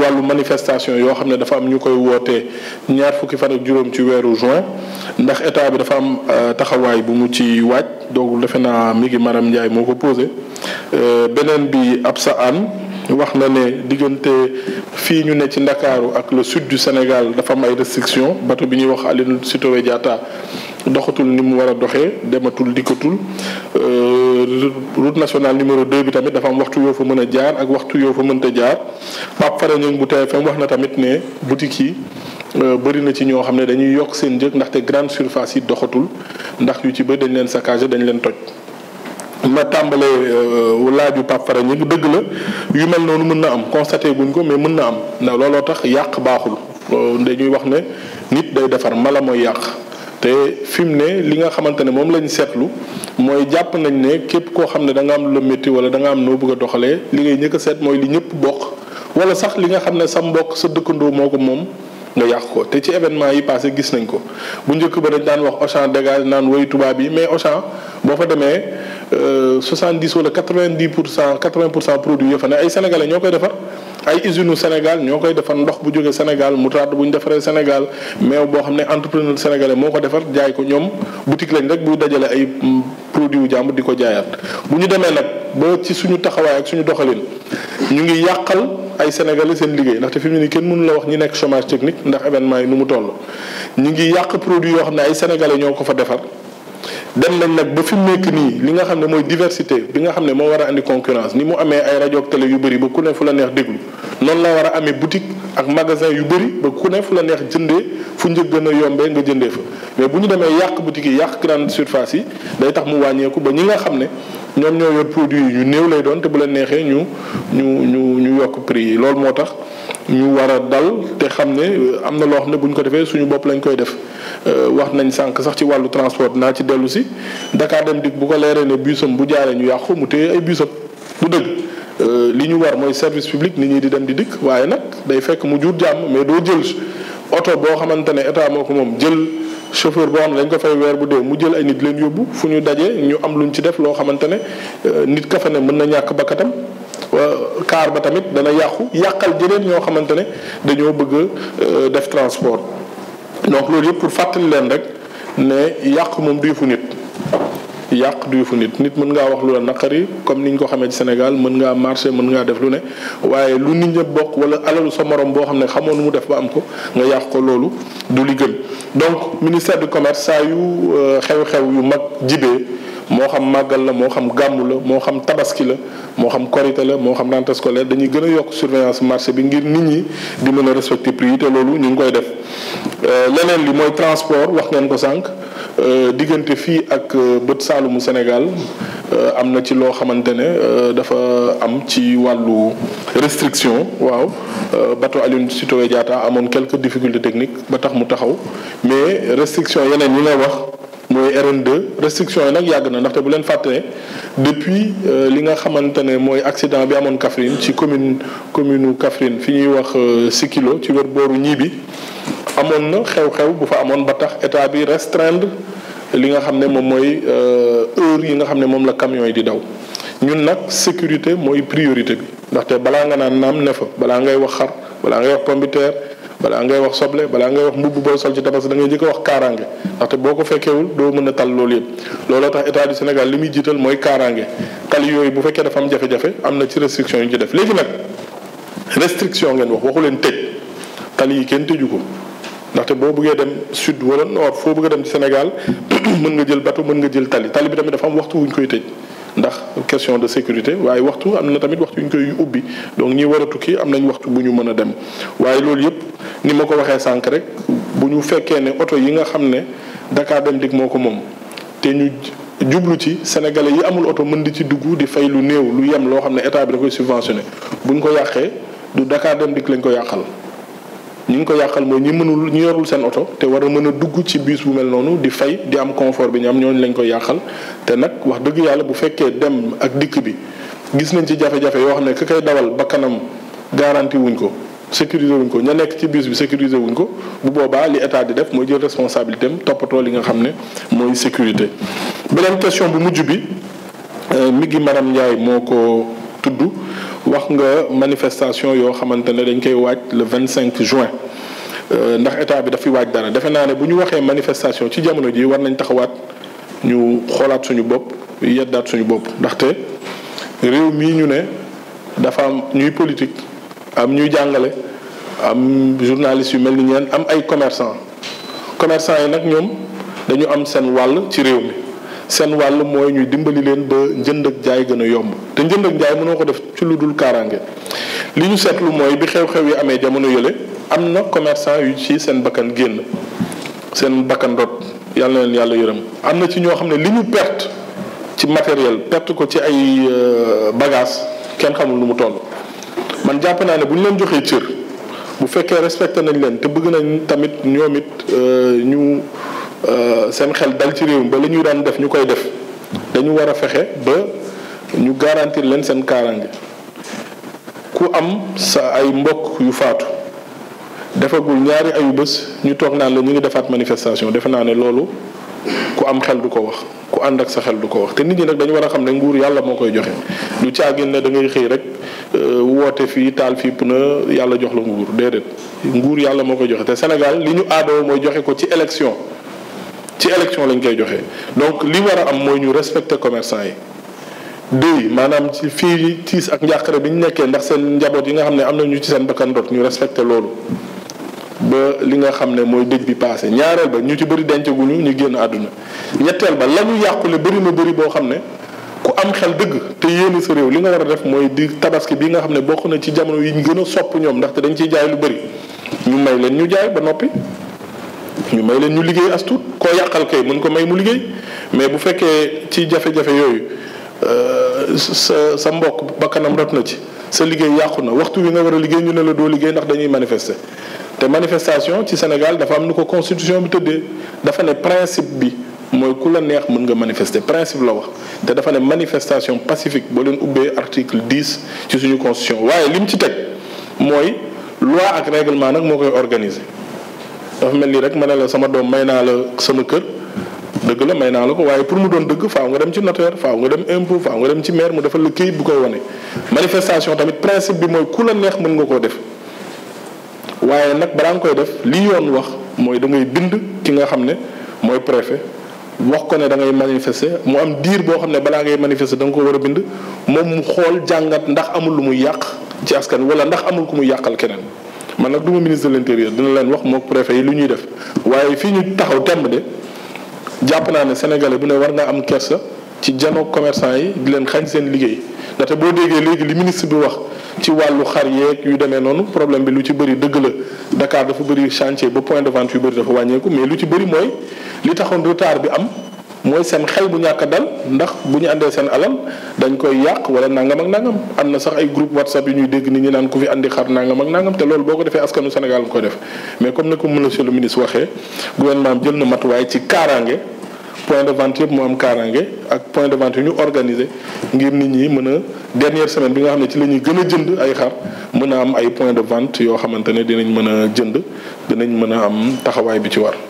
wàllu manifestation yoo xam ne dafa am ñu koy wootee ñaar fukki fan ak juróom ci weeru juin ndax état bi dafa am euh, taxawaay bu mu ci waaj donc defe naa mi ngi Maram Ndiaye moo ko posé euh, beneen bi ab sa an wax na ne diggante fii ñu ne ci ndakaaru ak la sud du Sénégal dafa am ay restriction bato bi ñuy wax Aline Sitoé Diatta doxatul ni mu war a doxee dematul dikkatul euh, route nationale numéro 2 bi tamit dafa am waxtu yoo fa mën a jaar ak waxtu yoo fa mënta jaar Pape Fara bu bu TFM wax na tamit ne boutique yi euh, bëri na ci ñoo xam ne dañuy yokk seen njëg ndaxte grande surface yi doxatul ndax yu ci bëri dañ leen saccagé dañu leen toj. ma tàmbalee euh, laaju Pape Fara Niang dëgg la yu mel noonu mën na am constaté guñ ko mais mën na am ndax looloo tax yàq baaxul euh, dañuy wax ne nit day defar mala mooy yàq. te fi mu ne li nga xamante ne moom lañ seetlu mooy jàpp nañ ne képp koo xam ne da nga am lu métti wala da nga am noo bëgg doxalee li ngay ñëkk seet mooy li ñëpp bokk wala sax li nga xam ne sa mbokk sa dëkkandoo moo ko moom nga yàq ko te ci événement yi passé gis nañ ko bu njëkk ba dañ daan wax Auchan dégage naan woy tubaab yi mais Auchan boo fa demee 70 euh, wala 90 pour cent 80 pour cent produit yoo fa ne ay sénégalais ñoo koy defar. ay usines Sénégal ñoo koy defar ndox bu jógee Sénégal moutarde bu ñu defaree Sénégal mais boo xam ne entrepreneur sénégalais moo ko defar jaay ko ñoom butik lañ rek bu dajalee ay produit yu jàmbur di ko jaayaat. bu ñu demee nag ba ci suñu taxawaay ak suñu doxalin ñu ngi yàqal ay sénégalais seen liggéey ndaxte fi mu ne nii kenn mënu la wax ñi nekk chômage technique ndax événement yi nu mu toll ñu ngi yàq produit yoo xam ne ay sénégalais ñoo ko fa defar. dem nañ nag ba fi mu nekk nii li nga xam ne mooy diversité bi nga xam ne moo war a andi concurrence ni mu amee ay rajo ak yu bëri ba ku ne fu la neex déglu noonu la war a amee boutique ak magasin yu bëri ba ku ne fu la neex jënde fu njëg gën a yombee nga jëndee fa mais bu ñu demee yàq boutique yi yàq grande surface yi day tax mu wàññeeku ba ñi nga xam ne ñoom ñoo yor produit yi ñu néew lay doon te bu leen neexee ñu ñu ñu ñu yokk prix yi loolu moo tax ñu war a dal te xam ne am na loo xam ne bu ko defee suñu bopp lañ koy def Euh, wax nañ sànq sax ci wàllu transport naa ci dellu si Dakar dem dikk bu ko leeree ne busam bu jaaree ñu yàqu mu téye ay busam du dëgg euh, li ñu war mooy service public nit ñi di dem di dikk waaye nag day fekk mu jur jàmm mais doo jël oto boo xamante ne état moo ko moom jël chauffeur boo xam ne dañ ko fay weer bu dee mu jël ay nit leen yóbbu fu ñu dajee ñu am lu ñu ci def loo xamante ne euh, nit ka fa ne mën na ñàkk bakkatam kaar ba tamit dana yàqu yàqal jëleen ñoo xamante ne dañoo bëgg def transport donc loolu yëpp pour fàttali leen rek ne yàq moom du yëfu nit yàq du yëfu nit nit mën ngaa wax lu la naqari comme ni ñu ko xamee ci Sénégal mën ngaa marché mën ngaa def lu ne waaye lu nit ñëpp bokk wala alalu sa morom boo xam ne xamoon nu mu def ba am ko nga yàq ko loolu du li gën donc ministère du commerce saa yu euh, xew-xew yu mag jibee moo xam màggal la moo xam gàmmu la moo xam tabaski la moo xam korité la moo xam rentrée scolaire dañuy gën a yokk surveillance marché bi ngir nit ñi di mën a respecter prix yi te loolu ñu ngi koy def euh, leneen li mooy transport wax ngeen ko sànq euh, diggante fii ak euh, bët saalumu Sénégal am na ci loo xamante ne dafa am ci wàllu restriction waaw bateau Aline Sitoé Diatta amoon quelques difficultés technique ba tax mu taxaw mais restriction yeneen yi nga wax mooy RN2 restriction yi nag yàgg na ndaxte bu leen fàtte ne depuis euh, li nga xamante ne mooy accident bi amoon Kaffrine ci commune commune Kaffrine fi ñuy wax euh, kilo ci wër booru ñii bi amoon na xew-xew bu fa amoon ba tax état bi restreindre li nga xam ne moom mooy euh, heure yi nga xam ne moom la camion yi di daw ñun nag sécurité mooy priorité bi ndaxte balaa nga naan naam ne fa balaa ngay wax xar balaa ngay wax pombiteer balaa ngay wax soble balaa ngay wax mbubb boo sol ci tabaski da ngay njëkk a wax kaaraange ndaxte boo ko fekkeewul doo mën a tal loolu yëpp looloo tax état du Sénégal li muy jiital mooy kaaraange tal yooyu bu fekkee dafa am jafe-jafe am na ci restriction yu ñu ci def léegi nag restriction ngeen wax waxu leen tëj tali yi kenn tëju ko ndaxte boo bëggee dem sud wala nord foo bëgg dem ci Sénégal mën nga jël bateau mën nga jël tali tali bi tamit dafa am waxtu wuñ koy ndax question de sécurité waaye am na tamit waxtu yu ñu ubbi donc ñi war a tukki am nañ waxtu bu ñu mën a dem waaye loolu yëpp ni ma ko waxee sànq rek bu ñu fekkee ne oto yi nga xam ne Dakar Dem Dikk moo ko moom te ñu jublu ci sénégalais yi amul oto mën di ci dugg di fay lu néew lu yem loo xam ne état bi da koy subventionné bu ñu ko yàqee du Dakar Dem Dikk lañ ko yàqal. ñi ngi ko yàqal mooy ñi mënul ñi yorul seen oto te war a mën a dugg ci bus bu mel noonu di fay di am confort bi ñu am ñooñu lañ ko yàqal te nag wax dëgg yàlla bu fekkee dem ak dikk bi gis nañ ci jafe-jafe yoo xam ne ku koy dawal bakkanam garanti wuñ ko. sécuriser wuñ ko ña nekk ci bus bi sécuriser wuñ ko bu boobaa li état di def mooy jël responsabilité toppatoo li nga xam ne mooy sécurité. beneen question bu mujj bi euh, mi ngi madame Ndiaye moo ko tudd wax nga manifestation yoo xamante ne dañ koy waaj le 25 juin. Euh, ndax état bi dafi waaj dara defe naa ne bu ñu waxee manifestation ci jamono ji war nañ taxawaat ñu xoolaat suñu bopp yeddaat suñu bopp ndaxte réew mii ñu ne dafa am ñuy politique. am ñuy jàngale am journaliste yu mel ni ñeen am ay commerçant commerçant yi nag ñoom dañu am seen wàll ci réew mi seen wàll mooy ñu dimbali leen ba njënd ak jaay gën a yomb te njënd ak jaay mënoo ko def ci lu dul kaaraange li ñu seetlu mooy bi xew-xew yi amee jamono yële am na commerçant yu ci seen bakkan génn seen bakkan rot yàlla na leen yàlla yërëm am na ci ñoo xam ne li ñu perte ci matériel perte ko ci ay euh, bagages kenn xamul lu mu toll. man jàpp naa ne bu ñu leen joxee cër bu fekkee respecté nañ leen te bëgg nañ tamit ñoom it euh, ñu euh, seen xel dal ci réew mi ba la ñuy daan def ñu koy def dañu war a fexe ba ñu garantir leen seen kaaraange ku am sa ay mbokk yu faatu defagul ñaari ayu bés ñu toog naan la ñu ngi defaat manifestation defe naa ne loolu ku am xel du ko wax ku ànd ak sa xel du ko wax te nit ñi nag dañu war a xam ne nguur yàlla moo koy joxe lu caagin ne dangay ngay xëy rek euh, woote fii taal fii puna yàlla jox la nguur déedéet nguur yàlla moo koy joxe te Sénégal li ñu aadoo mooy joxe ko ci élection ci élection lañ koy joxe donc li war a am mooy ñu respecter commerçant yi. déy maanaam ci fii tiis ak njàqare bi ñu nekkee ndax seen njaboot yi nga xam ne am na ñu ci seen bakkan dot ñu respecté loolu. ba li nga xam ne mooy dëj bi paase ñaareel ba ñu ci bëri dencaguñu ñu génn àdduna ñetteel ba la ñu yàqule bëri na bëri boo xam ne ku am xel dëgg te yéene sa réew li nga war a def mooy di tabaski bi nga xam ne bokk na ci jamono yi ñu gën a sopp ñoom ndaxte dañ ciy jaay lu bëri ñu may leen ñu jaay ba noppi ñu may leen ñu liggéey as tuut koo yàqal mën ko may mu liggéey mais bu fekkee ci jafe-jafe yooyu euh, sa sa mbokk kanam rot na ci sa liggéey yàqu na waxtu wi nga war a liggéey ñu ne la doo liggéey ndax dañuy manifester te manifestation ci Sénégal dafa am nu ko constitution bi tëddee dafa ne principe bi mooy ku la neex mën nga manifester principe la te dafa ne manifestation pacifique boo leen ubbee article 10 ci suñu constitution waaye li mu ci teg mooy loi ak règlement nag moo koy organiser dafa mel nii rek ma ne la doom may naa la sama kër dëgg la may naa la ko waaye pour doon dëgg faaw nga dem ci notaire faaw nga dem impôt dem ci maire mu defal la këyit bu koy wane manifestation tamit principe bi mooy ku la neex mën nga koo def waaye nag balaa nga koy def li yoon wax mooy da bind ki nga xam ne mooy préfet wax ko ne da ngay manifester mu am diir boo xam ne balaa ngay manifester da nga ko war a bind moom mu xool jàngat ndax amul lu muy yàq ci askan wala ndax amul ku muy yàqal keneen. man nag du ma ministre de l'intérieur dina leen wax mook préfet yi lu ñuy def waaye fii ñu taxaw temb de jàpp naa ne sénégalais bu ne war nga am kersa. ci jano commercant yi di leen xañ seen liggéey ndaxte boo déggee léegi li ministre bi wax ci wàllu xar yeeg yu demee noonu problème bi lu ci bëri dëgg la Dakar dafa bëri chantier ba point de vente yu bëri dafa wàññeeku mais lu ci bëri mooy li taxoon retard bi am mooy seen xel bu ñàkk a dal ndax bu ñu àndee seen alal dañ koy yàq wala nangam ak nangam am na sax ay groupe whatsapp yu ñuy dégg nit ñu naan ku fi andi xar nangam ak nangam te lool boo defee askanu Sénégal nga koy def mais comme ni ko monsieur le waxee gouvernement jël na matuwaay ci kaaraange. point de vente yëpp mu am kaaraange ak point de vente yu ñu organisé ngir nit ñi mën a dernière semaine bi nga xam ne ci la ñuy gën a jënd ay xar mën a am ay point de vente yoo xamante ne dinañ mën a jënd dinañ mën a am taxawaay bi ci war.